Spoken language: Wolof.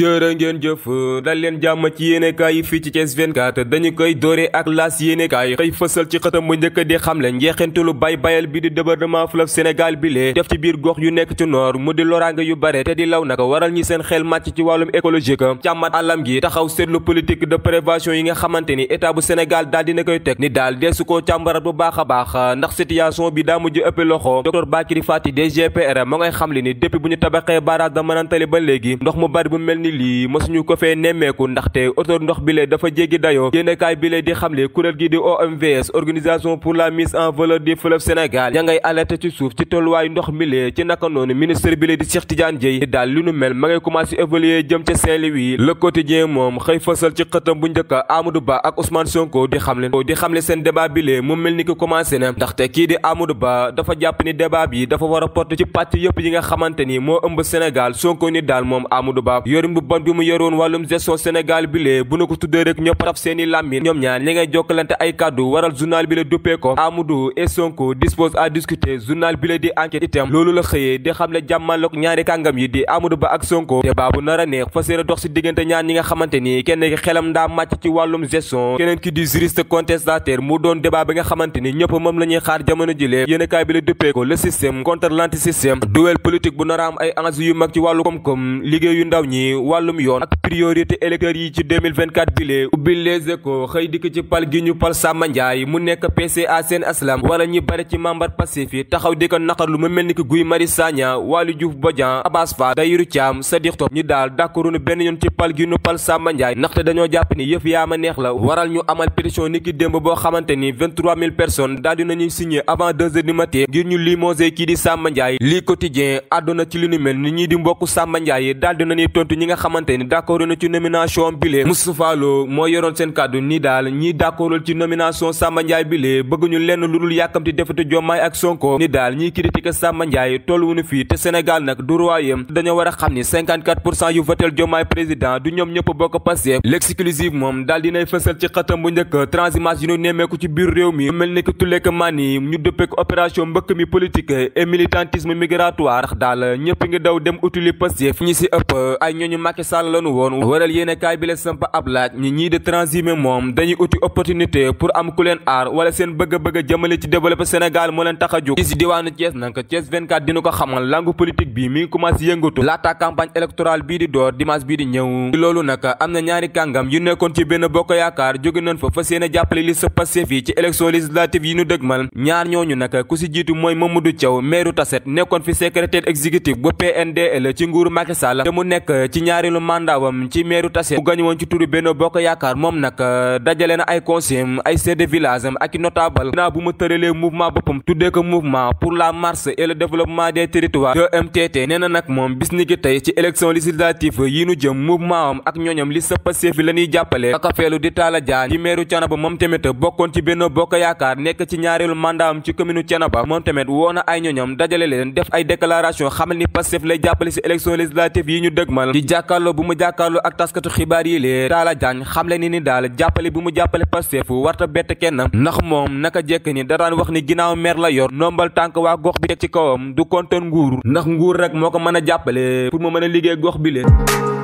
jërë ngeen jëf dal leen jàmm ci yéenekaay yi fii ci Thiès 24 dañu koy dooree ak laas yéenekaay xëy fësal ci xëtam bu njëkk di xamle njeexentalu bay bayal bi di département fleuve Sénégal bi lee def ci biir gox yu nekk ci noor mu di loraange yu bare te di law naka waral ñi seen xel màcc ci wàllum écologique càmmat àllam gi taxaw seetlu politique de prévention yi nga xamante ni état bu Sénégal daal dina koy teg ni daal deesu ko càmbarat bu baax a baax ndax situation bi daa mujj ëpp loxo docteur Bakary Fati DGPR moo ngay xamle ni depuis bu ñu tabaxee barrage de ba léegi ni lii mësuñu ko fee nemmeeku ndaxte oto ndox bile dafa jéggi dayoo yéenekaay bile di xamle kuréel gi di OMVS organisation pour la mise en valeur des fleuves Sénégal ya ngay alerté ci suuf ci tolluwaayu ndox bile ci naka noonu ministre bile di Cheikh Tidiane Dièye daal li nu mel ma ngay commencé évoluer jëm ca Saint-Louis le quotidien moom xëy fësal ci xëtam bu njëkk Amadou Ba ak Ousmane Sonko di xamle di xamle seen débat bile mu mel ni ko commencé na ndaxte kii Ba dafa jàpp ni débat bi dafa war a porte ci pàcc yëpp yi nga xamante ni moo ëmb doxalin bu bon bi mu yoroon wàllum gestion Sénégal bi bu na ko tuddee rek ñëpp raf seeni làmmiñ ñoom ñaar ñi jokkalante ay kàddu waral journal bi la duppee ko Amadou et dispose à discuter journal bi di enquête itam loolu la xëyee di xam ne jàmmaloog ñaari kàngam yi di Amadou Ba ak Sonko te baabu nar a neex fas yéene dox si diggante ñaar ñi nga xamante ni kenn ki xelam ndaa màcc ci wàllum gestion keneen ki di juriste contestataire mu doon wàllum yoon ak priorité électeurs yi ci 2024 bi lee ubbi les échos xëy dikk ci pal gi ñu pal Samba Ndiaye mu nekk PCA Sen Aslam wala ñi bare ci membre Pastef yi taxaw di ko naqarlu mu mel ni ki Guy Marius Sagna Waly Diouf Bodian Abass Fall Tahirou Thiam Sadikh Top ñi daal d'accordu benn yoon ci pal gi ñu pal Samba Ndiaye ndaxte dañoo jàpp ni yëf yaa ma neex la waral ñu amal pétition ni ki démb boo xamante ni 23000 personnes daal dinañuy signé avant 2 heures di Samba nga xamante ni d'accord ci nomination bile Moustapha moo yoroon seen kàddu ni daal ñi d'accordul ci nomination Samba Ndiaye bile bëgguñu lenn lu dul yàkkamti defete Diomaye ak Sonko ni daal ñiy critiquer Samba Ndiaye tolluwuñu fii te Sénégal nag du royaume dañoo war a xam ni yu votel Diomaye président du ñoom ñëpp bokk Pastef l'exclusive moom daal dinay fësal ci xatam bu njëkk transhumance yu ñu nemmeeku ci biir réew mi mel ni ki tuleek man ñu dëppek Macky Sall lanu woon waral yéene kaay bi ab laaj ñi ñii di transhumé moom dañuy uti opportunité pour am ku leen aar wala seen bëgg-bëgg jëmale ci développer Sénégal moo leen tax a jóg ci diwaanu Thiès nag Thiès dina ko xamal langue politique bi mi ngi commencé laata campagne électorale bii di door dimanche bii di ñëw loolu nag am na ñaari kàngam yu nekkoon ci benn bokk yaakaar jóge nañ fa fas yéene jàppale li sa passé ci élection ñaareelu nag ma euh, tëralee mouvement la marche et le développement des territoires de MTT nee na nag moom bis ni ki ci élection législative yi nu jëm mouvement ak ñooñam li sëppa seefi la ñuy jàppale kakafeelu di Talla Diagne ci meeru Thiénaba moom tamit bokkoon ci Benno Bokk Yaakaar nekk ci ñaareelu mandat am ci commune Thiénaba moom tamit woo ay ñooñam dajale leen def ay déclaration xamal ni Pastef lay jàppale ci élection législative yi ñu dëgmal jàkkaarloo bu mu jàkkaarloo ak taskatu xibaar yi lee Talla Diagne xamle ni ni daal jàppale bu mu jàppale Pastef warta bett kenn ndax moom naka jekk ni da daan wax ni ginnaaw mer la yor nombal tànk waa gox bi teg ci kawam du kontoon nguur ndax nguur rek moo ko mën a jàppale pour mu mën a liggéey gox bi lee